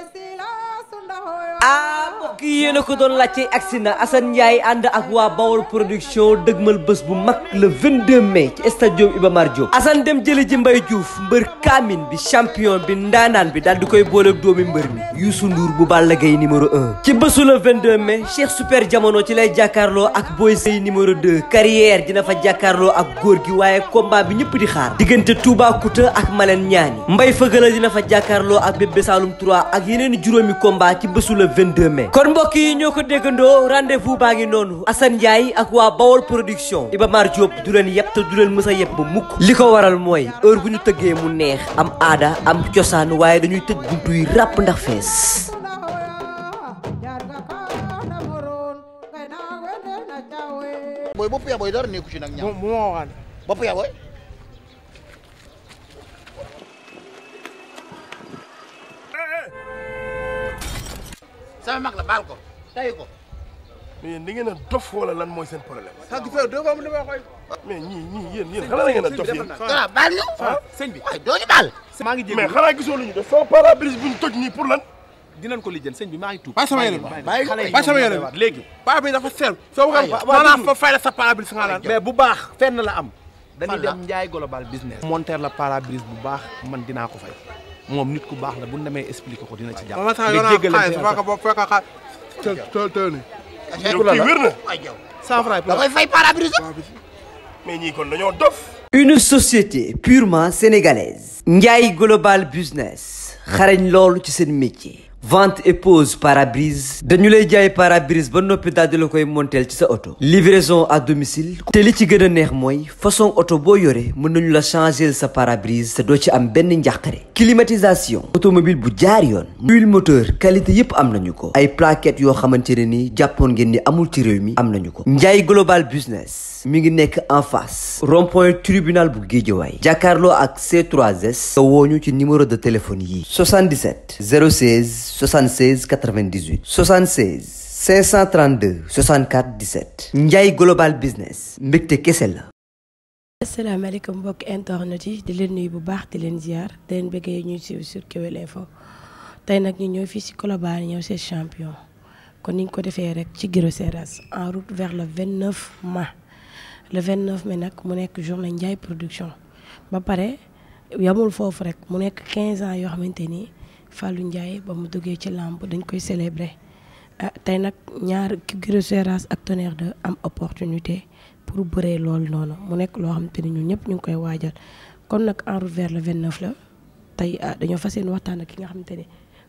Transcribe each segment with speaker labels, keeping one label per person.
Speaker 1: a ah, kii yéen a ko doon laajte si na Assane Ndiaye ànd ak waa Bawol production dëgmal bés bu mag la le 22 mai ci stadium Iba Mar Diop dem jëli ji Mbaye Diouf mbër kaamin bi champion bi ndaanaan bi daal di koy booleeg doomi mbër mi Youssou Ndour bu Balla Gaye numéro 1 ci bésu vingt 22 mai Cheikh Super Jamono ci lay jàkkaarloo ak Boy Sey numéro 2 carrière dina fa jàkkaarloo ak góor gi waaye combat bi ñëpp di xaar diggante Toubacouta ak Malen Niani Mbaye Fëgala dina fa jàkkaarloo ak Bébé Saloum 3 ak yeneen juróomi combat ci bésu le 22 mai kon mbokk yi ñoo ko déggandoo rendez-vous baa ngi noonu Assane Ndiaye ak waa Bawol production Iba Mar Diop du leen yëpp te du leen mës a yëpp ba mukk li ko waral mooy heure bu ñu tëggee mu neex am aada am cosaan waaye dañuy tëj buntu yi ràpp ndax fees
Speaker 2: booy bopp nekku ci nag ñaar sama mag la ko ko.
Speaker 1: mais ngeen a dof wala lan mooy seen problème. waaw waaw deux fois mu ne ma xoy. mais ñii ñii yéen yéen a dof yéen. waaw baal ñu. ah, ah sëñ ngi jéem mais xanaa gisoo lu ñu def sama pare-brise bu ñu toj nii pour lan. dinañ ko lijjën sëñ bi maa ngi tuub. bàyyi sama yére bi bàyyi sama yére bi léegi. paa bi dafa seer soo fa sa pare-brise nga naan. bu baax fenn la am. dañuy dem Njaay global
Speaker 2: business. monter la pare bu baax man dinaa ko fay moom nit ku baax la bu ñu demee expliqué ko
Speaker 1: dina ci jàpp. nga jéggalante yàlla waaw waaw waaw mais ñii kon dañoo dof. une société purement sénégalaise. Ndiaye Global Business xarañ loolu ci seen métier. vente et pose pare dañu lay jaay pare ba noppi daldi la koy monteel ci sa oto livraison à domicile te li ci gën a neex mooy façon oto boo yore mën nañu la changer sa parabrise brise te doo ci am benn njàqare climatisation automobile bu jaar yoon huile moteur qualité yépp am nañu ko ay plaquettes yoo xamante ne ni jàppoon ngeen ni amul ci réew mi am nañu ko Ndiaye global business mi ngi nekk en face rond-point tribunal bu Guédiawaye jàkkaarloo ak C3S nga wooñu ci numéro de téléphone yii 77 016 76 98 76 532 64 17 Ndiaye Global Business mbégte kese la.
Speaker 3: asalaamaaleykum mbokk internet yi di leen nuyu bu baax di leen ziar te leen bëggee ñuy suivre sur Kewel Info tey nag ñu ñëw fii ci Colobane ñëw c'est champion kon ni ñu ko defee rek ci Guiro en route vers le 29 mai le 29 mai nag mu nekk journée Ndiaye production ba pare yamul foofu rek mu nekk 15 ans yoo xamante ni. Fallou Ndiaye ba mu duggee ci làmb dañ koy célébrer ah tey nag ñaar Gris ak Tonnerre de am opportunité pour bëree loolu noonu mu nekk loo xam te ni ñun ñëpp ñu ngi koy waajal kon nag en route vers le 29 tey ah, dañoo fas yéene waxtaan ak ki nga xamante ni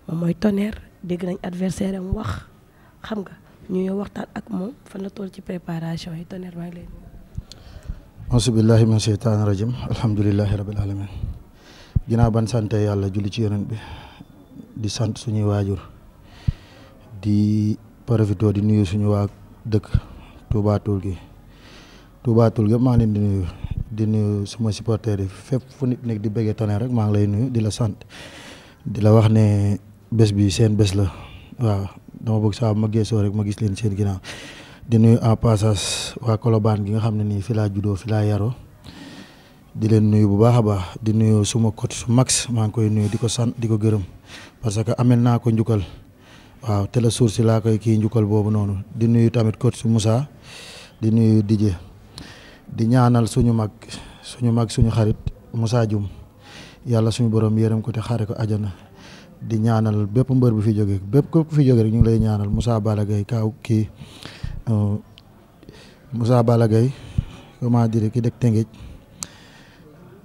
Speaker 3: moom mooy Tonnerre dégg nañ adversaire am wax xam nga ñu waxtaan ak moom fan la tool ci préparation yi Tonnerre maa ngi lay nuyu.
Speaker 2: auzu billaahi min seytaani rajim alhamdulillahi rabbil alamin ginnaaw ban sante yàlla julli ci yonent bi. di sant suñuy waajur di profito di nuyu suñu waa dëkk Touba gi Touba Toul maa ngi leen di nuyu di nuyu suma supporters yi fépp fu nit nekk di bëggee tone rek maa ngi lay nuyu di la sant di la wax ne bés bi seen bés la waaw dama bëgg saa ma geesoo rek ma gis leen seen ginnaaw di nuyu en passage waa Colobane gi nga xam ne nii fi laa juddoo fi laa yaroo di leen nuyu bu baax a baax di nuyu suma su Max maa ngi koy nuyu di ko sant di ko gërëm. parce que amel naa ko njukkal waaw télé source si laa koy kii njukkal boobu noonu di nuyu tamit coach Moussa di nuyu Didier di ñaanal suñu mag suñu mag suñu xarit Moussa Dioum yàlla suñu borom yërëm ko te xaare ko ajana di ñaanal bépp mbër bu fi jógee bépp ko fi jógee ñu ngi lay ñaanal Moussa Balla Gaye kaaw kii euh, Moussa Balla Gaye comment dire ki dëkk Tëngéej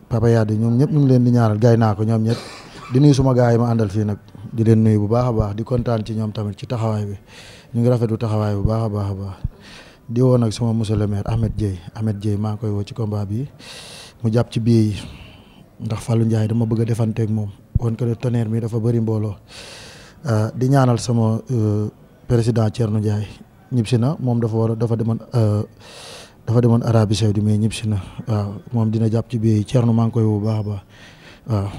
Speaker 2: Papa Yade ñoom ñëpp ñu ngi leen di ñaanal gay naa ko ñoom ñëpp. di nuyu suma gars yi ma àndal fii nag di leen nuyu bu baax a baax di kontaan ci ñoom tamit ci taxawaay bi ñu ngi rafet rafetlu taxawaay bu baax a baax a baax di woon nag suma monsieur le maire Ahmed Dieye Ahmed Dieye maa ngi koy woo ci combat bi mu jàpp ci biir ndax Fallou Ndiaye dama bëgg a defanteeg moom woon ko ne tonnerre mi dafa bëri mbooloo euh, di ñaanal sama euh, président Thierno Ndiaye ñib si na moom dafa war a dafa demoon euh, dafa demoon Arabie Saoudi mais ñib na waaw moom dina jàpp ci biir yi maa ngi koy bu baax a baax waaw.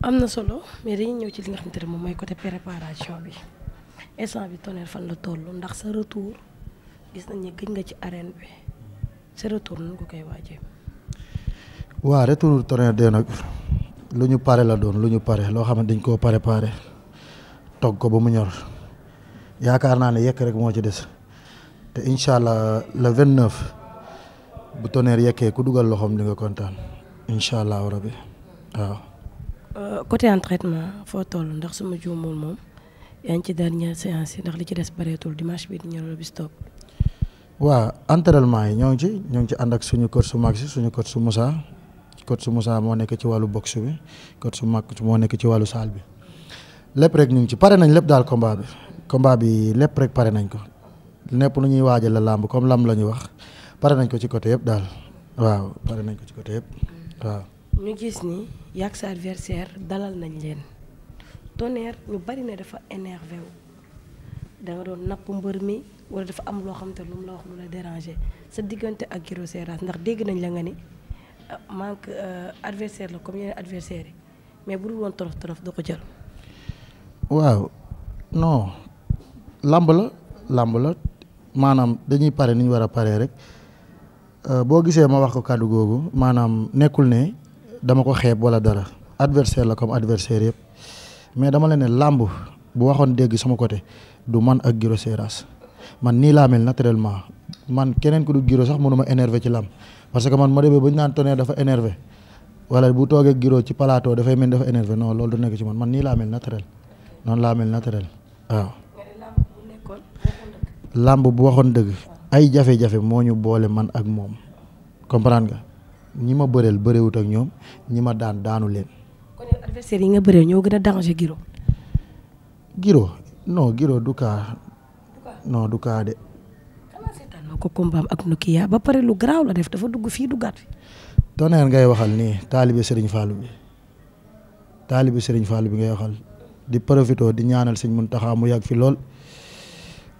Speaker 3: am na solo mais dañuy ñëw ci li nga xamante ne moom mooy côté préparation bi instant bi Tonnerre fan la toll ndax sa retour gis nañ ne nga ci arène bi sa retour nu ko koy waajee.
Speaker 2: waaw retour Tonnerre de nag lu ñu pare la doon lu ñu pare loo xam ne dañ koo pare pare togg ko ba mu ñor yaakaar naa ne yekk rek moo ci des te incha allah le vingt bu Tonnerre yekkee ku dugal loxoom li nga kontaan incha allah rabi waaw.
Speaker 3: Euh, côté entraînement foo toll ndax suma juumul moom yaa ngi ci dernière séance yi ndax li ci des bareetul dimanche bi di ñëw la bis topp.
Speaker 2: waaw entraînement yi ñoo ngi ci ñoo ngi ci ànd ak suñu coach su mag suñu coach su Moussa coach su Moussa moo nekk ci wàllu boxe bi coach su mag moo nekk ci wàllu salle bi lépp rek ñu ngi ci pare nañ lépp daal combat bi combat bi lépp rek pare nañ ko lépp lu ñuy waajal la làmb comme làmb la wax pare nañ ko ci côté yëpp daal waaw pare nañ ko ci côté yëpp
Speaker 3: ñu gis ni yàgg sa adversaire dalal nañ leen Tonnerre ñu bari ne dafa énervé wu da nga doon napp mbër mi wala dafa am loo xam ne lu mu la wax lu la déranger sa diggante ak Guiro Seras ndax dégg nañ la nga ni ah, manque euh, adversaire la comme yeneen adversaire yi mais bu dul woon torof torof du ko jël.
Speaker 2: waaw non làmb la làmb la maanaam dañuy pare ni ñu war a paree rek euh, boo gisee ma wax ko kàddu googu maanaam nekkul ne. dama ko xeeb wala dara adversaire la comme adversaire yëpp mais dama leen ne làmb bu waxoon dégg sama côté du man ak Guiro Seras man nii laa mel naturellement man keneen ku du Guiro sax mënuma énervé ci làmb parce que man ma demee ba ñu naan Tonnerre dafa énervé wala bu toogee giro ci plateau dafay mel dafa énervé non loolu du nekk ci man man nii laa mel naturel noonu laa mel naturel waaw. làmb bu waxoon dëgg ay jafe-jafe moo ñu boole man ak moom comprendre ga ñi ma bëreel bëreewut ak ñoom ñi ma daan daanu leen.
Speaker 3: kon yi nga bëreel ñoo gën a danger Giro.
Speaker 2: Giro non Giro du kaa. no du kaa de.
Speaker 3: xanaa seetaan ba pare lu garaaw la def dafa dugg fii duggaat fi.
Speaker 2: Tonnerre ngay waxal nii taalibe Serigne Fallou bi taalibe Serigne Fallou bi ngay waxal di profito di ñaanal mun Mountakha mu yàgg fi lool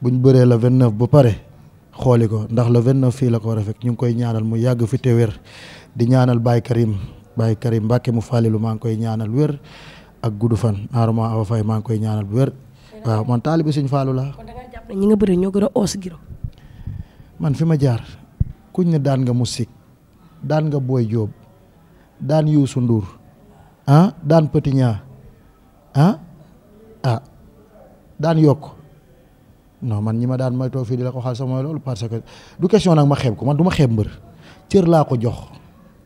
Speaker 2: buñ bëree la 29 ba pare. xooli ko ndax le 29 fii la ko war ñu ngi koy ñaanal mu yàgg fi te wér di ñaanal Baye Karim Baye Karim Mbacke mu faalilu maa ngi koy ñaanal wér ak gudd fan maa ngi koy ñaanal wér waaw man taalibi suñ faalu la kon
Speaker 3: ñoo gën a oos
Speaker 2: man fi ma jaar kuñ ne daan nga musik daan nga booy Diop daan Youssou Ndour ah daan Petit Niang ah, ah, daan yokk non man ñi ma daan may toog fii di la ko xal sama loolu parce que du question nag ma xeeb ko man du ma xeeb mbër cër laa ko jox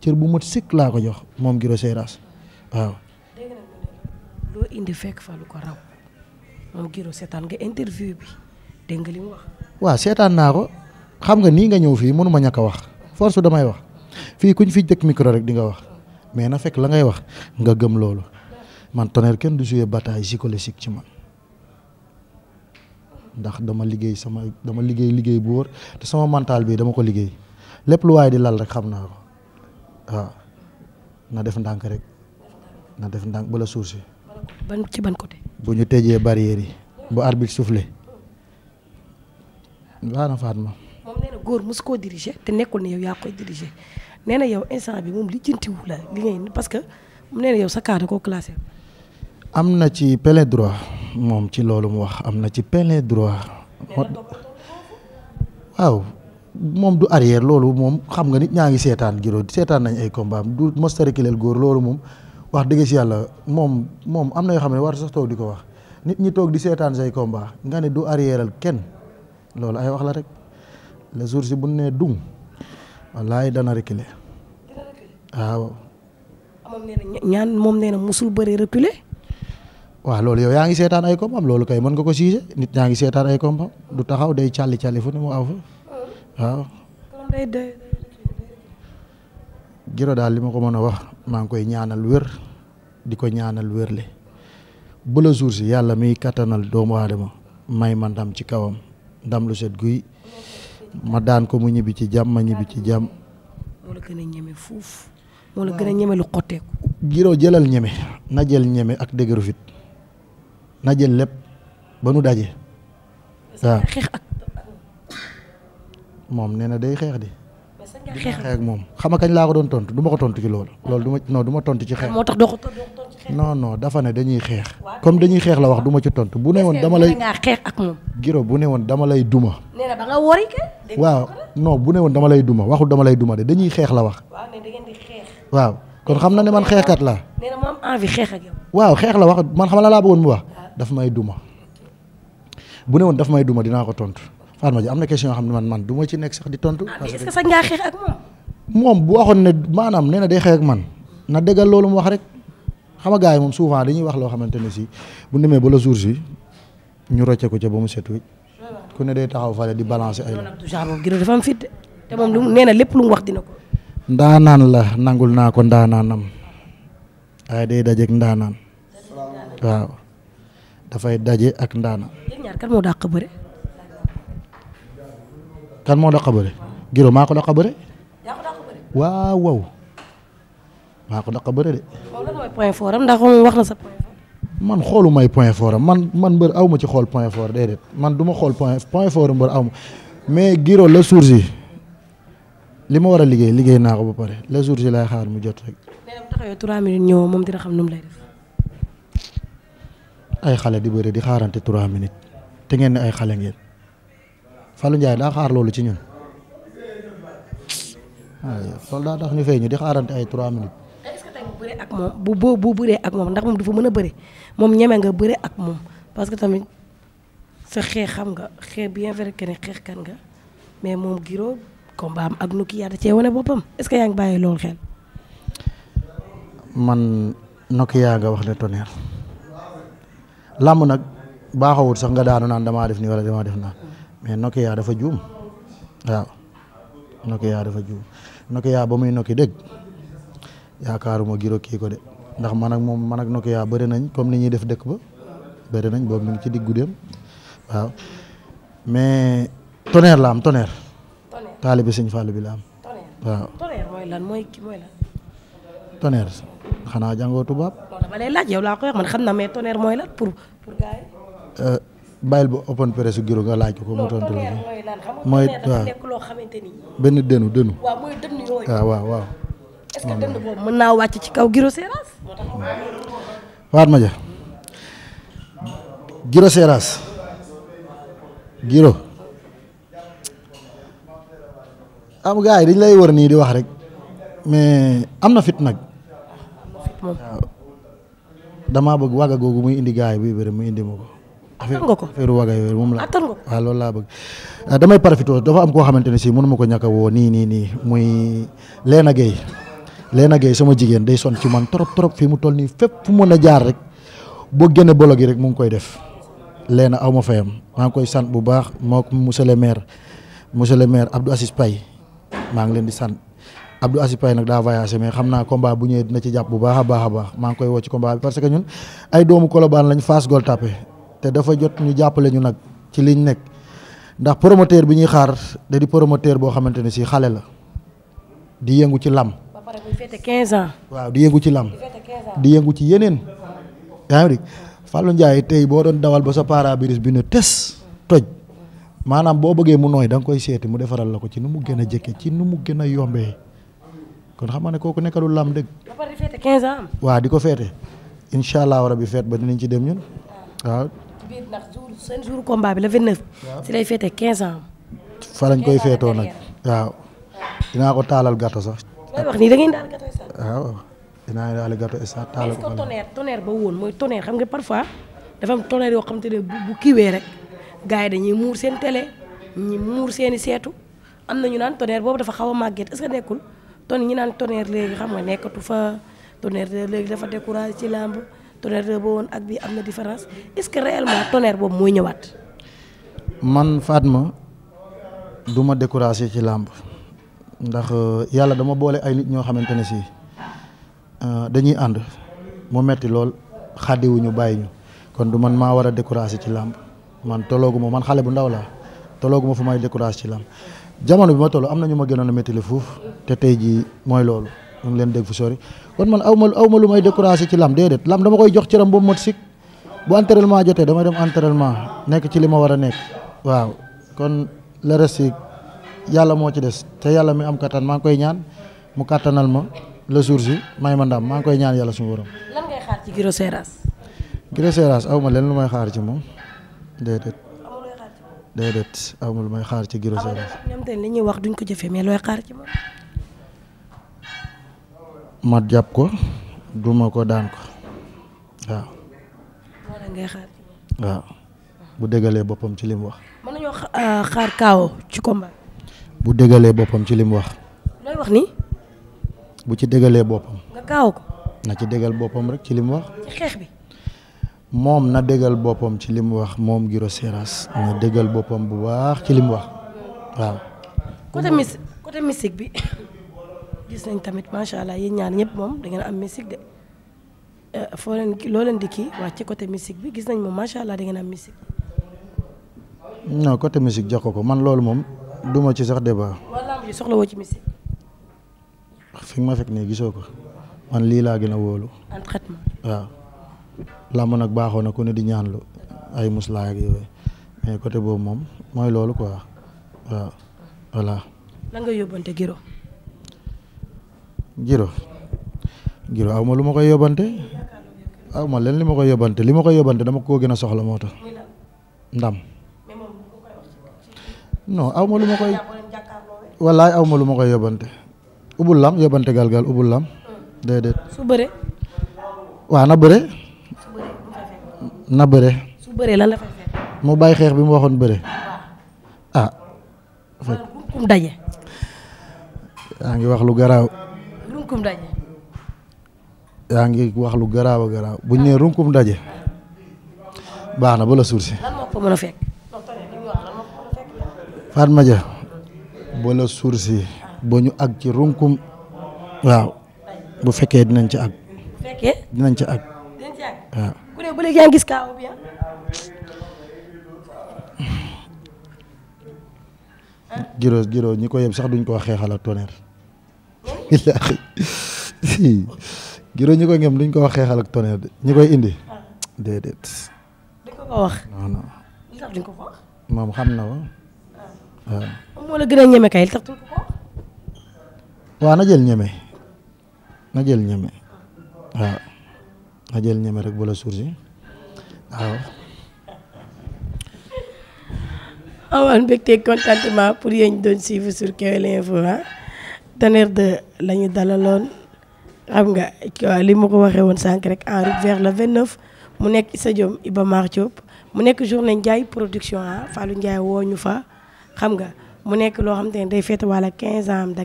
Speaker 2: cër bu mat sëkk laa ko jox moom Guiro Seras waaw.
Speaker 3: fekk fa lu ko raw moom Guiro seetaan nga interview
Speaker 2: waaw seetaan naa ko xam nga nii nga ñëw fii mënuma ñàkk a wax force damay wax fii kuñ fi jëkk micro rek di nga wax mais na fekk la ngay wax nga gëm loolu man Tonnerre kenn du jouer bataille psychologique ci man. ndax dama liggéey sama dama liggéey liggéey bu wóor te sama mental bii dama ko liggéey lépp lu waaye di lal rek xam naa ko. waaw na def ndànk rek na def ndànk bu la suuf si. ci ban côté. bu ñu tëjee barrière yi. bu arbitre soufflé. baax na Fatma.
Speaker 3: moom nee na góor mosu koo diriger te nekkul ne yow yaa koy diriger nee na yow instant bi moom li jëntiwu la li ngay parce que nee na yow sa cas da koo classé.
Speaker 2: am na ci plein droit moom ci loolu mu wax am na ci pele droit. waaw. moom du arrière loolu moom xam nga nit ñaa ngi seetaan Giro seetaan nañ ay combat du mos a reculer góor loolu moom wax dëgg si yàlla moom moom am na yoo xam ne war sax toog di ko wax nit ñi toog di seetaan say combat nga ne du arrièreal kenn loolu ay wax la rek le si bu ne dung wallaay dana reculer waaw.
Speaker 3: moom nee na ñaan moom nee na musul bëri reculer.
Speaker 2: waaw loolu yow yaa ngi seetaan ay combat loolu kay mën nga ko siise nit ñaa ngi seetaan ay combat du taxaw day càlli càlli fu ne mu aw fa. waaw. Giro daal li ma ko mën a wax maa ngi koy ñaanal wér di ko ñaanal wér ba le jour si yàlla miy kattanal doomu aadama may ma ndam ci kawam ndam lu set guy ma daan ko mu ñibbi ci jàmm ma ñibbi ci jàmm.
Speaker 3: moo la gën a ñeme
Speaker 2: fuuf Giro jëlal ñeme na jël ñeme ak dëgëru fit na jël lépp ba nu daje. waaw moom nee na day xeex di. di xeex moom xam kañ laa ko doon tontu duma ko tontu ci loolu. loolu duma noo non tontu ci xeex. moo tax doo ko tontu dafa ne dañuy xeex. comme dañuy xeex la wax duma ci tontu bu ne woon dama lay. bu ne woon dama lay duma. nee bu ne dama lay duma waxul dama duma de dañuy xeex la wax.
Speaker 3: waaw kon xam na ne man xeexkat laa. nee na xeex ak yow.
Speaker 2: waaw xeex la wax man xam la laa bëggoon mu wax. Ah. daf may duma bu ne woon daf may duma dinaa ko tontu Fatma ji am na question yoo xam ne man man du ma ci nekk sax di tontu. Ah, parce
Speaker 3: moom.
Speaker 2: moom bu waxoon ne maanaam nee na day xeex ak man na déggal loolu mu wax rek xam nga gars yi moom souvent dañuy wax loo xamante ne si bu demee ba le jour si ñu rocce ko ca ba mu set wécc
Speaker 3: ku ne day taxaw fale di balancer ay. dafa am fit te moom lu nee na lépp lu mu wax
Speaker 2: la nangul naa ko ndaanaanam waaye day daje ndaanaan waaw dafay daje ak ndaanaan. moo dàq kan moo dàq bëre Giro maa ko dàq bëre. yaa ko dàq maa ko dàq bëre de.
Speaker 3: moom wax na man xoolu
Speaker 2: may point fort man man mbër aw ma ci xool point fort déedéet man du ma xool point point fort mbër aw mais Giro la jour J li ma war a liggéey liggéey naa ko ba pare le jour J laay xaar mu jot rek.
Speaker 3: mais nag bu taxawee 3 minutes ñëw
Speaker 2: ay xale di bëre di xaarante 3 minutes te ngeen ne ay xale ngeen. Fallou Ndiaye daa xaar loolu ci ñun waaye loolu daa tax ñu fay ñu di xaarante ay 3 minutes.
Speaker 3: bu bëree ak moom bu moom ndax moom dafa mën a bëri moom ñeme nga bëri ak moom parce que tamit sa xeex xam nga xeex bien vrai que xeex kan nga mais moom Giro combat ak Nokia da cee wane boppam est-ce que yaa ngi bàyyi loolu xel.
Speaker 2: man yaa nga wax le tonnerre làmb nag baaxawut sax nga daanu naan damaa def nii wala damaa def naan. mais Nokia dafa juum waaw Nokia dafa juum Nokia ba muy nokki dëgg yaakaaruma giro kii ko de ndax man moom man ak Nokia bëri nañ comme ni ñuy def dëkk ba bëri nañ boobu mi ci diggu dem waaw mais tonnerre la am tonnerre. tonnerre taalibe sëñ Fallou bi la am. waaw
Speaker 3: tonnerre mooy lan pour
Speaker 2: bàyyil ba open presse giro nga laaj ko mu tontu la mooy benn dënu dënu ah, waaw waaw
Speaker 3: mën naa wàcc ci kaw giro seeraas
Speaker 2: waat ma ja giro seeraas giro am gars yi dañ lay wër nii di wax rek mais am na fit nag damaa bëgg wàgga googu muy indi gars yi buy bëri mu indi ma ko attan nga ko affaire moom la attan lool laa bëgg euh, damay profité dafa am koo xamante ne sii mënu ma ko ñàkk a woo nii nii nii muy Léna Gueye Léna Gueye sama jigéen day son ci man trop trop fii mu toll nii fépp fu mën a jaar rek boo génne bolo gi rek mu ngi koy def Léna aw ma fayam maa ngi koy sant bu baax moo ko monsieur le maire monsieur le maire Abdou Assis Paye maa ngi leen di sant Abdou Assis Paye nag daa voyagé mais xam naa combat bu ñëwee dina ci jàpp bu baax baax a baax koy woo ci combat parce que ñun ay doomu Colobane lañ Fass Gueule te dafa jot ñu jàppale ñu nag ci liñ nekk ndax promoteur bi ñuy xaar da di promoteur boo xamante ne si xale la di yëngu ci lam.
Speaker 3: ba waaw di yëngu ci lam. di
Speaker 2: yëngu ci yeneen. yaa ngi Fallou Ndiaye tey boo doon dawal ba sa pare-brise bi ne tes toj maanaam boo bëggee mu nooy danga koy seeti mu defaral la ko ci nu mu gën a jëkke ci nu mu gën a yombee kon xam nga ne kooku nekkalul lam dëgg. ba di ko feete incha allah rabi feet ba dinañ ci dem ñun waaw.
Speaker 3: biir ndax jour seen bi le 29. waaw si lay féetee 15 ans.
Speaker 2: fa lañ koy féetoo nag waaw. dinaa ko taalal gàtto sax.
Speaker 3: may wax nii da ngeen daal gàtto sax.
Speaker 2: waaw dinaa daal gàtto sax taalal
Speaker 3: ba woon mooy tonnerre xam nga parfois dafa am tonnerre yoo xam te ne bu bu kiiwee rek gars yi dañuy muur seen tele ñi muur seen seetu am na ñu naan tonnerre boobu dafa xaw a màgget est-ce nekkul ton ñi naan tonnerre léegi xam nga nekkatu fa tonnerre léegi dafa découragé ci làmb. tonnerre ba woon ak bii am na différence est-ce que réellement tonnerre boobu mooy ñëwaat.
Speaker 2: man Fatma du ma découragé ci làmb ndax euh, yàlla dama boole ay nit ñoo xamante ne si euh, dañuy ànd mu metti lool xàddiwuñu bàyyi ñu kon du man maa war a découragé ci làmb man toloogu ma man xale bu ndaw laa toloogu ma fu may découragé ci làmb jamono bi ma toll am na ñu ma gënoon a métti le fuuf te tey jii mooy loolu. ñu ngi leen dégg fu sori kon man aw ma ma lu may découragé ci lam déedéet lam dama koy jox cëram ba mu mot sikk bu entraînement jotee damay dem entraînement nekk ci li ma war a nekk waaw kon le reste yàlla moo ci des te yàlla mi am kattan maa ngi koy ñaan mu kattanal ma le jour si may ma ndam maa ngi koy ñaan yàlla suñu borom.
Speaker 3: lan ngay xaar ci Guiro Seras.
Speaker 2: Guiro Seras aw ma leen lu may xaar ci moom déedéet. déedéet aw ma lu may xaar ci Guiro Seras.
Speaker 3: ñoom
Speaker 2: mat jàpp ko duma ko daan ko waaw. bu déggalee boppam ci li wax.
Speaker 3: mën euh, xaar kaaw ci ko
Speaker 2: bu déggalee boppam ci li mu wax. looy bu ci déggalee boppam. na ci déggal boppam rek ci li mu wax. moom na déggal boppam ci li mu wax moom Guiro Seras na déggal boppam bu baax ci li mu wax
Speaker 3: waaw. côté mystique côté mystique bi. gis nañ tamit macha allah yéen ñaar ñëpp moom da ngeen am musique de euh, foo leen loo leen di kii ci côté musique bi gis nañ moom macha allah da am musique.
Speaker 2: côté musique jox ko ko man loolu moom duma ci sax débat.
Speaker 3: wala soxla woo ci musique.
Speaker 2: fi nga ma gisoo ko lii laa gën a wóolu. en nag baaxoo na ku ne di ñaan ñaanlu ay muslaa ak yooyu mais côté boobu moom mooy loolu quoi waaw voilà. lan giro giro aw ma lu ma koy yóbbante aw ma leen li ma koy yóbbante li ma koy yóbbante dama koo gën a soxla moo tax ndam non aw ma lu ma koy wallaay aw ma lu ma koy yóbbante ubul lam yóbbante galgal ubul lam déedéet su bëre waaw na bëre na bëre mu bàyyi xeex bi mu waxoon bëre ah kum daje yaa ngi wax lu garaaw yaa ngi wax lu garaaw a garaaw bu ñu nee runkum daje baax na ba la suur si. lan moo ko suur si ba ñu àgg ci runkum waaw bu fekkee dinañ ci àgg. dinañ ci àgg. dinañ ci àgg waaw. ku ne ah. ñi ko yeb sax duñ ko waxee xalaat tonnerre. billaahi giro ñi ko ngem duñ ko wax xeexal ak tonnerre de ñi koy indi. déedéet.
Speaker 3: di ko ko wax.
Speaker 2: moom xam na wa. Ah. waaw. Ah.
Speaker 3: moom moo la gën a ñeme kay li tax duñ ko wax.
Speaker 2: waaw na jël ñeme. na jël ñeme. waaw. Ah. na jël ñeme rek bu la sursi waaw.
Speaker 3: amoon mbégte contentement pour yéen doon suivre sur Kewel Info Tonnerre 2 la ñu dalaloon xam nga li ma ko waxee woon sànq rek en route vers le 29 mu nekk sa stadium Iba Mar Diop mu nekk journée Ndiaye production ah Fallou Ndiaye woo ñu fa xam nga mu nekk loo xam te ne day fête wala 15 ans am de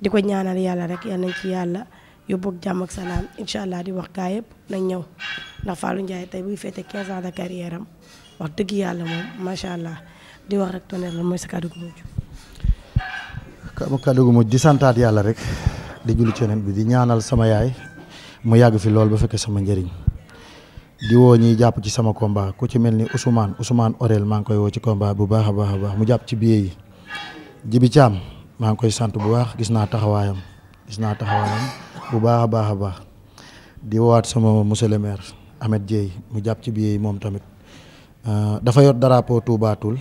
Speaker 3: di ko ñaanal yàlla rek yal nañ ci yàlla yóbbu ak jàmm salaam incha allah di wax gaa yëpp nañ ñëw ndax Fallou njaay tey buy fête 15 ans de carrière am wax dëgg yàlla moom macha allah di wax rek Tonnerre la mooy sa kàddu gu
Speaker 2: ma kàddu gu mujj di santaat yàlla rek di julli ci yeneen bi di ñaanal sama yaay mu yàgg fi lool ba fekkee sama njëriñ di woo ñiy jàpp ci sama combat ku ci mel ni Ousmane Ousmane Orel maa ngi koy woo ci combat bu baax a baax a mu jàpp ci billet yi Jibi Thiam maa ngi koy sant bu baax gis naa taxawaayam gis naa taxawaayam bu baax a baax a baax di wowaat sama monsieur le maire Ahmed Dieye mu jàpp ci bii yi moom tamit euh, dafa yor daraapoo tuubaatul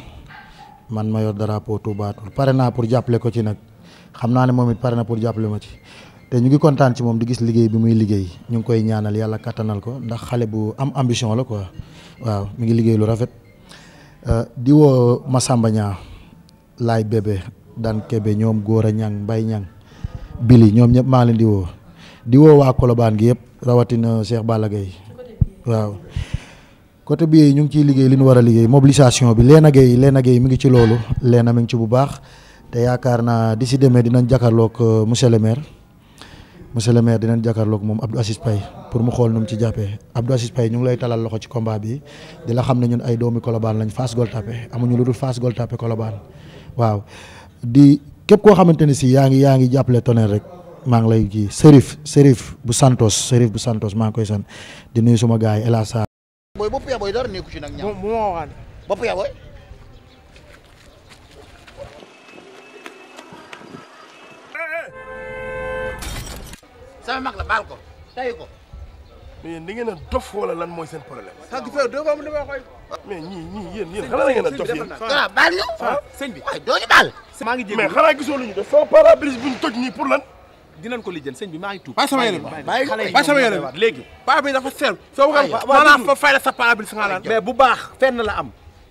Speaker 2: man ma yor drapeau Touba Toul pare naa pour jàppale ko ci nag xam naa ne moom it pare na pour jàppale ma ci te ñu ngi kontaan ci moom di gis liggéey bi muy liggéey ñu ngi koy ñaanal yàlla kattanal ko ndax xale bu am ambition la ko waaw mu ngi liggéey lu rafet. Euh, di woo Massamba Niang laay bébé daan kebe ñoom góor a ñang mbay ñang bili ñoom ñëpp maa leen di woo di woo waa Colobane gi yëpp rawatina Cheikh Balla waaw. côté bi yi ñu ngi ciy liggéey li ñu war a liggéey mobilisation bi Léna Gueye Léna Gueye mi ngi ci loolu Léna mi ngi ci bu baax te yaakaar na di si demee dinañ jàkkaarloog euh, monsieur le maire monsieur le maire dinañ jàkkaarloog moom Abdou Assis Paye pour mu xool nu mu ci jàppee Abdou Assis Paye ñu ngi lay talal loxo ci komba bi di la xam ne ñun ay doomi Colobane lañ Fass Gueule-Tapée amuñu lu dul Fass Gueule-Tapée Colobane waaw di képp koo xamante ne si yaa ngi yaa ngi jàppale Tonnerre rek maa ngi lay kii Serif Serif bu Santos Serif bu Santos maa ngi koy sant di nuyu suma gars yi El booy bopp yaa booy dara nekku ci nag. ñaar bu ma waxaat bopp yaa booy.
Speaker 1: sama mag la baal ko tay ko. mais yéen da ngeen a dof wala lan mooy seen problème. ah gis nga baal ñu. sëñ bi waaye doo ñu baal. maa ngi jéem mais xanaa gisoo lu ñu def sama pare-brise nii pour lan. dinañ ko lijjën sëñ bi maa ngi tuub. bàyyi sama yére bàyyi sama yére léegi. paa bi dafa fa fay la sa pare bu baax fenn la am.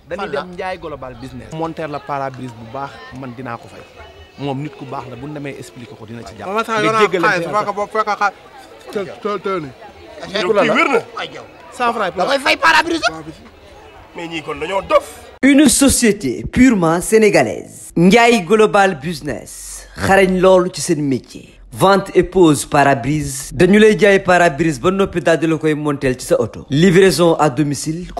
Speaker 1: dañuy dem Ndiaye global business. monter la pare-brise bu baax
Speaker 2: man dinaa ko fay moom nit ku baax la bu ñu demee dina ci jàpp. di jéggale xaalis foo ko
Speaker 3: boo foo ko xaar. te te te ne. da koy fay pare-brise
Speaker 1: mais ñii kon dañoo dof. une société purement sénégalaise. Ndiaye global business xarañ loolu ci seen métier. vente et pose pare dañu lay jaay pare ba noppi daldi koy monteel ci sa oto livraison à te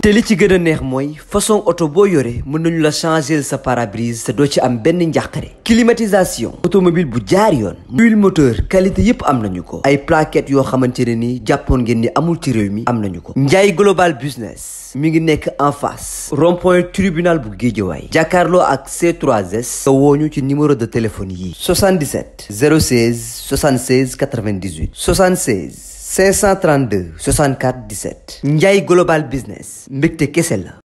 Speaker 1: li ci gën a neex mooy façon oto boo yore mën nañu la changer sa pare doo ci am benn njàqare climatisation automobile bu jaar yoon huile moteur qualité yépp am nañu ko ay plaquettes yoo xamante ne ni jàppoon ngeen ni amul ci réew mi am nañu ko Ndiaye global business mi ngi nekk en face rond tribunal bu Guédiawaye jàkkaarloo ak C3S nga wooñu ci numéro de téléphone yii 77 016 76 98 76 532 64 17 Ndiaye Global Business mbégte kese la